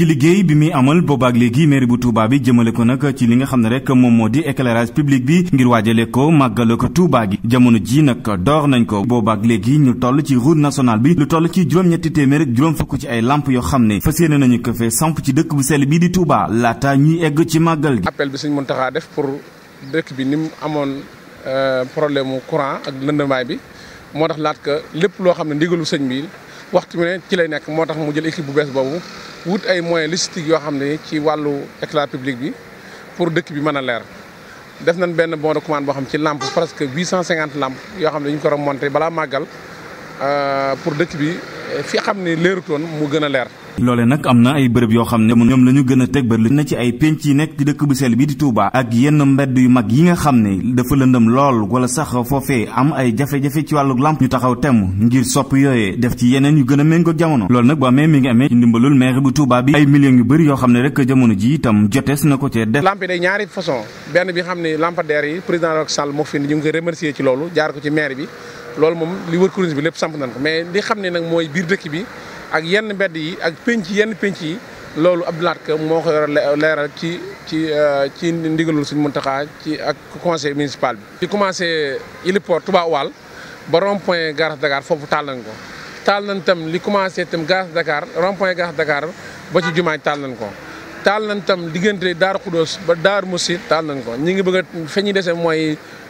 ci liggéey bi muy amal boobaak léegi mairie bu Touba bi jëmale ko nag ci li nga xam ne rek moom moo di éclairage public bi ngir waajale ko màggale ko Touba bi jamono ji nag door nañ ko boobaak léegi ñu toll ci route nationale bi lu toll ci juróom-ñetti téeméer ak juróom fukk ci ay lamp yoo xam ne fas yéene nañu ko fee samp ci dëkk bu sell bii di Touba laata ñuy egg ci màggal gi. appel bi suñ mën taxaa def pour dëkk bi ni mu amoon euh, problème mu courant ak lëndëmaay bi moo tax laat ka lépp loo xam ne ndigalu sëñ bi waxtu mu ne ci lay nekk moo tax mu jël équipe bu bees boobu wut ay moyens logistiques yoo xam ne ci wàllu éclat public bi pour dëkk bi mën a leer. def nañ benn bon de boo xam ci lampe presque 850 lampe yoo xam ne dañu ko remonté balaa màggal euh, pour dëkk bi fi xam ne leerutoon mu gën a leer. loole nag am na ay bërëb yoo xam ne ñoom la ñu gën a teg bër na ci ay pénc yi nekk ci dëkk bu di Touba ak yenn mbedd yu mag yi nga xam ne dafa lëndëm lool wala sax foofee am ay jafe-jafe ci wàllu làmp ñu taxaw temm ngir sopp yooyee def ci yeneen yu gën a méngoo jamono loolu nag bu amee mi ngi amee ci ndimbalul maire bu Touba bi ay millions yu bëri yoo xam ne rek jamono ji itam jotees na ko cee def lampe day ñaari façon benn bi xam ne lampadaire yi président Macky Sall moo loolu jaar ko ci maire bi loolu moom li lépp samp nañ ko mais li ne nag mooy biir dëkk bi ak yenn mbedd yi ak pénc yenn pénc yi loolu ab Lahad Ka moo ko leeral ci ci euh, ci ndigalul suñu Muntaxa ci ak conseil municipal bi. di commencé héliport Touba Oual ba rond-point gare Dakar foofu taal nañ ko taal nañ tam li commencé tam gare Dakar rond-point gare Dakar ba ci jumaay taal nañ ko. taal nañ tam diggante Daaru Xudóos ba daar Musi taal nañ ko ñi ngi bëgg a ñu dese mooy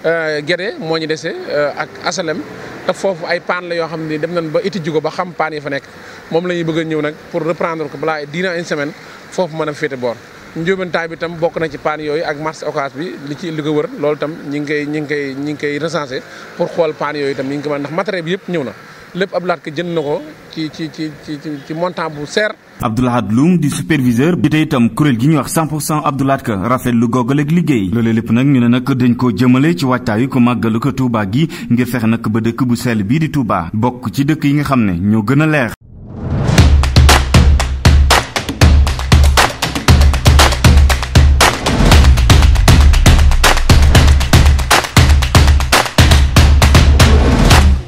euh, Gede moo ñu dese euh, ak Asalem te foofu ay paan la yoo xam ne dem nañ ba iti jugo ba xam paan yi fa nekk moom la ñuy bëgg a ñëw nag pour reprendre ko balaa dina une semaine foofu mën a féete boor. njóobentaay bi tam bokk na ci paan yooyu ak marché occas bi li ci li ko wër loolu tam ñi ngi koy ñi ngi koy ñi ngi koy recensé pour xool paan yooyu tam ñi ngi ko mën ndax matériel bi yëpp ñëw na lépp ab laat ko na ko ci ci ci ci ci montant bu seer. Abdoulahad Loum di superviseur bi tey itam kuréel gi ñuy wax 100 pour cent Abdoulahad Ka rafet lu googal ak liggéey loolee lépp nag ñu ne nag dañ koo jëmale ci wàccaayu ko màggalu ko Touba gi ngir fexe nag ba dëkk bu sell bii di Touba bokk ci dëkk yi nga xam ne ñoo gën a leer